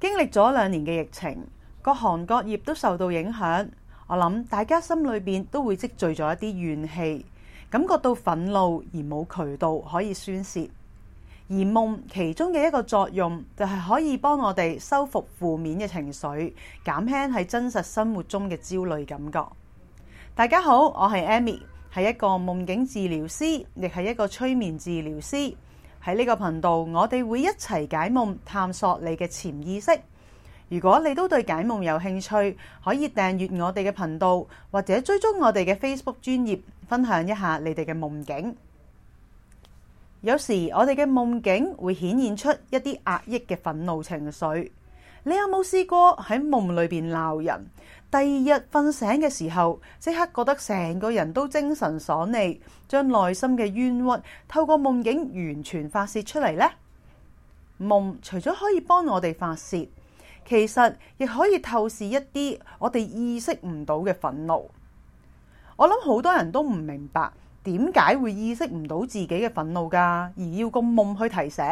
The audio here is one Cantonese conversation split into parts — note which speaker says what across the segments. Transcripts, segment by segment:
Speaker 1: 經歷咗兩年嘅疫情，各行各業都受到影響。我諗大家心裏面都會積聚咗一啲怨氣，感覺到憤怒而冇渠道可以宣泄。而夢其中嘅一個作用，就係可以幫我哋修復負面嘅情緒，減輕喺真實生活中嘅焦慮感覺。大家好，我係 Amy，係一個夢境治療師，亦係一個催眠治療師。喺呢個頻道，我哋會一齊解夢，探索你嘅潛意識。如果你都對解夢有興趣，可以訂閱我哋嘅頻道，或者追蹤我哋嘅 Facebook 專頁，分享一下你哋嘅夢境。有時我哋嘅夢境會顯現出一啲壓抑嘅憤怒情緒。你有冇試過喺夢裏邊鬧人？第二日瞓醒嘅時候，即刻覺得成個人都精神爽利，將內心嘅冤屈透過夢境完全發洩出嚟。呢夢除咗可以幫我哋發洩，其實亦可以透視一啲我哋意識唔到嘅憤怒。我諗好多人都唔明白點解會意識唔到自己嘅憤怒噶，而要個夢去提醒。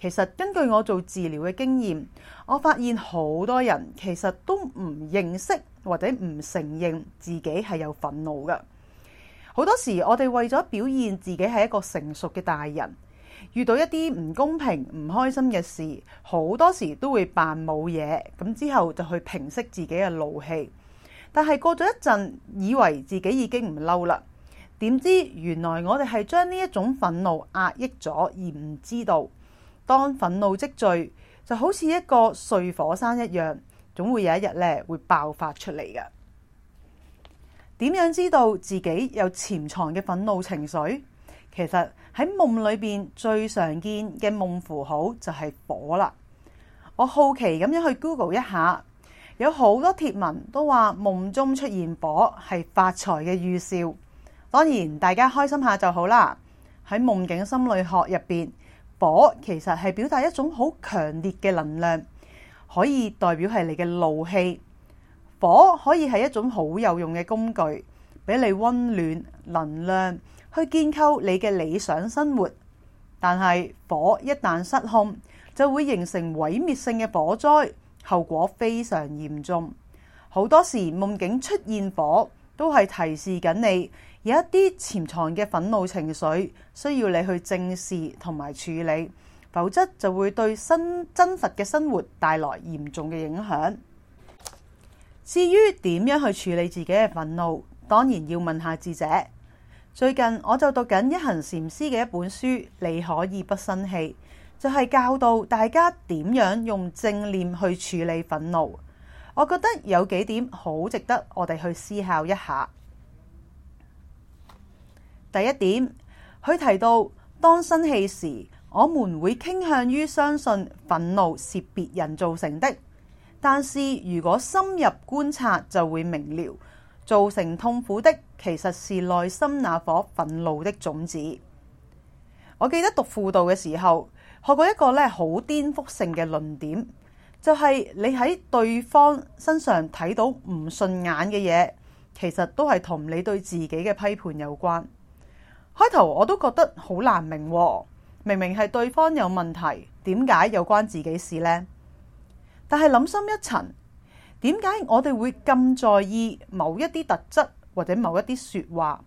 Speaker 1: 其實根據我做治療嘅經驗，我發現好多人其實都唔認識或者唔承認自己係有憤怒嘅。好多時，我哋為咗表現自己係一個成熟嘅大人，遇到一啲唔公平、唔開心嘅事，好多時都會扮冇嘢咁，之後就去平息自己嘅怒氣。但係過咗一陣，以為自己已經唔嬲啦，點知原來我哋係將呢一種憤怒壓抑咗，而唔知道。當憤怒積聚，就好似一個睡火山一樣，總會有一日咧會爆發出嚟嘅。點樣知道自己有潛藏嘅憤怒情緒？其實喺夢裏邊最常見嘅夢符號就係火啦。我好奇咁樣去 Google 一下，有好多貼文都話夢中出現火係發財嘅預兆。當然，大家開心下就好啦。喺夢境心理學入邊，火其實係表達一種好強烈嘅能量，可以代表係你嘅怒氣。火可以係一種好有用嘅工具，俾你溫暖能量去建構你嘅理想生活。但係火一旦失控，就會形成毀滅性嘅火災，後果非常嚴重。好多時夢境出現火，都係提示緊你，有一啲潛藏嘅憤怒情緒，需要你去正視同埋處理，否則就會對新真實嘅生活帶來嚴重嘅影響。至於點樣去處理自己嘅憤怒，當然要問下智者。最近我就讀緊一行禪師嘅一本書《你可以不生氣》，就係教導大家點樣用正念去處理憤怒。我覺得有幾點好值得我哋去思考一下。第一點，佢提到，當生氣時，我們會傾向於相信憤怒是別人造成的。但是如果深入觀察，就會明了，造成痛苦的其實是內心那顆憤怒的種子。我記得讀輔導嘅時候，學過一個咧好顛覆性嘅論點，就係、是、你喺對方身上睇到唔順眼嘅嘢，其實都係同你對自己嘅批判有關。開頭我都覺得好難明喎，明明係對方有問題，點解有關自己事呢？但係諗深一層，點解我哋會咁在意某一啲特質或者某一啲說話？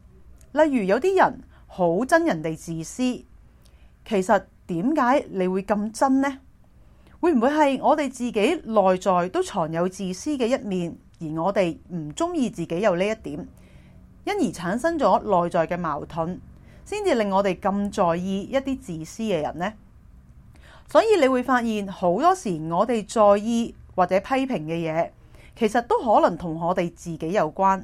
Speaker 1: 例如有啲人好憎人哋自私，其實點解你會咁憎呢？會唔會係我哋自己內在都藏有自私嘅一面，而我哋唔中意自己有呢一點，因而產生咗內在嘅矛盾？先至令我哋咁在意一啲自私嘅人呢。所以你會發現，好多時我哋在意或者批評嘅嘢，其實都可能同我哋自己有關。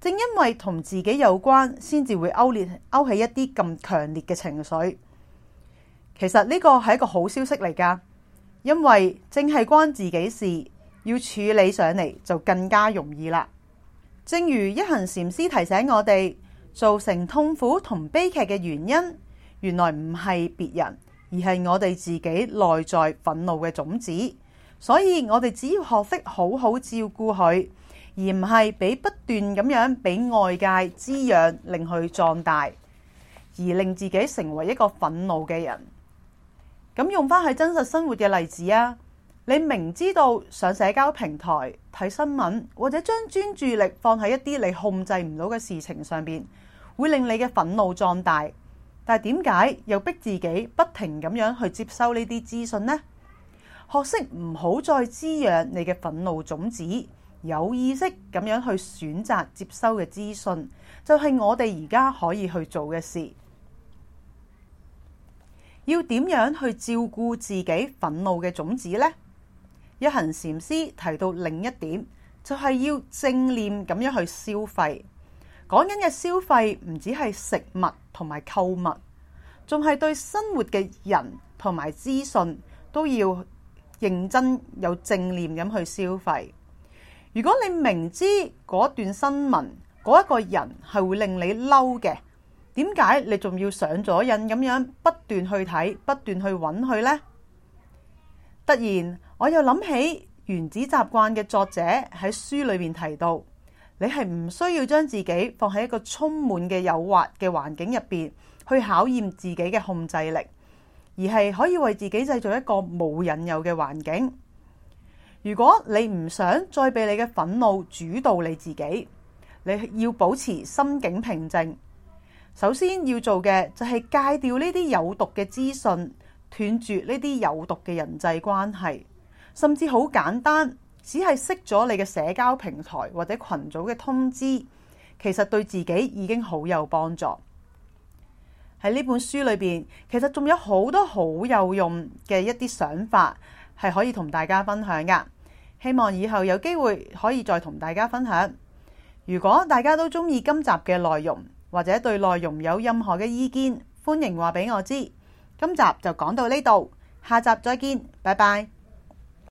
Speaker 1: 正因為同自己有關，先至會勾連勾起一啲咁強烈嘅情緒。其實呢個係一個好消息嚟㗎，因為正係關自己事，要處理上嚟就更加容易啦。正如一行禪師提醒我哋。造成痛苦同悲劇嘅原因，原來唔係別人，而係我哋自己內在憤怒嘅種子。所以我哋只要學識好好照顧佢，而唔係俾不斷咁樣俾外界滋養，令佢壯大，而令自己成為一個憤怒嘅人。咁用翻喺真實生活嘅例子啊，你明知道上社交平台。睇新聞或者將專注力放喺一啲你控制唔到嘅事情上邊，會令你嘅憤怒壯大。但係點解又逼自己不停咁樣去接收呢啲資訊呢？學識唔好再滋養你嘅憤怒種子，有意識咁樣去選擇接收嘅資訊，就係我哋而家可以去做嘅事。要點樣去照顧自己憤怒嘅種子呢？一行禪師提到另一點，就係、是、要正念咁樣去消費。講緊嘅消費唔止係食物同埋購物，仲係對生活嘅人同埋資訊都要認真有正念咁去消費。如果你明知嗰段新聞嗰一個人係會令你嬲嘅，點解你仲要上咗癮咁樣不斷去睇，不斷去揾佢呢？突然。我又諗起《原子習慣》嘅作者喺書裏面提到，你係唔需要將自己放喺一個充滿嘅誘惑嘅環境入邊去考驗自己嘅控制力，而係可以為自己製造一個冇引誘嘅環境。如果你唔想再畀你嘅憤怒主導你自己，你要保持心境平靜。首先要做嘅就係戒掉呢啲有毒嘅資訊，斷絕呢啲有毒嘅人際關係。甚至好簡單，只係熄咗你嘅社交平台或者群組嘅通知，其實對自己已經好有幫助。喺呢本書裏邊，其實仲有好多好有用嘅一啲想法，係可以同大家分享㗎。希望以後有機會可以再同大家分享。如果大家都中意今集嘅內容，或者對內容有任何嘅意見，歡迎話俾我知。今集就講到呢度，下集再見，拜拜。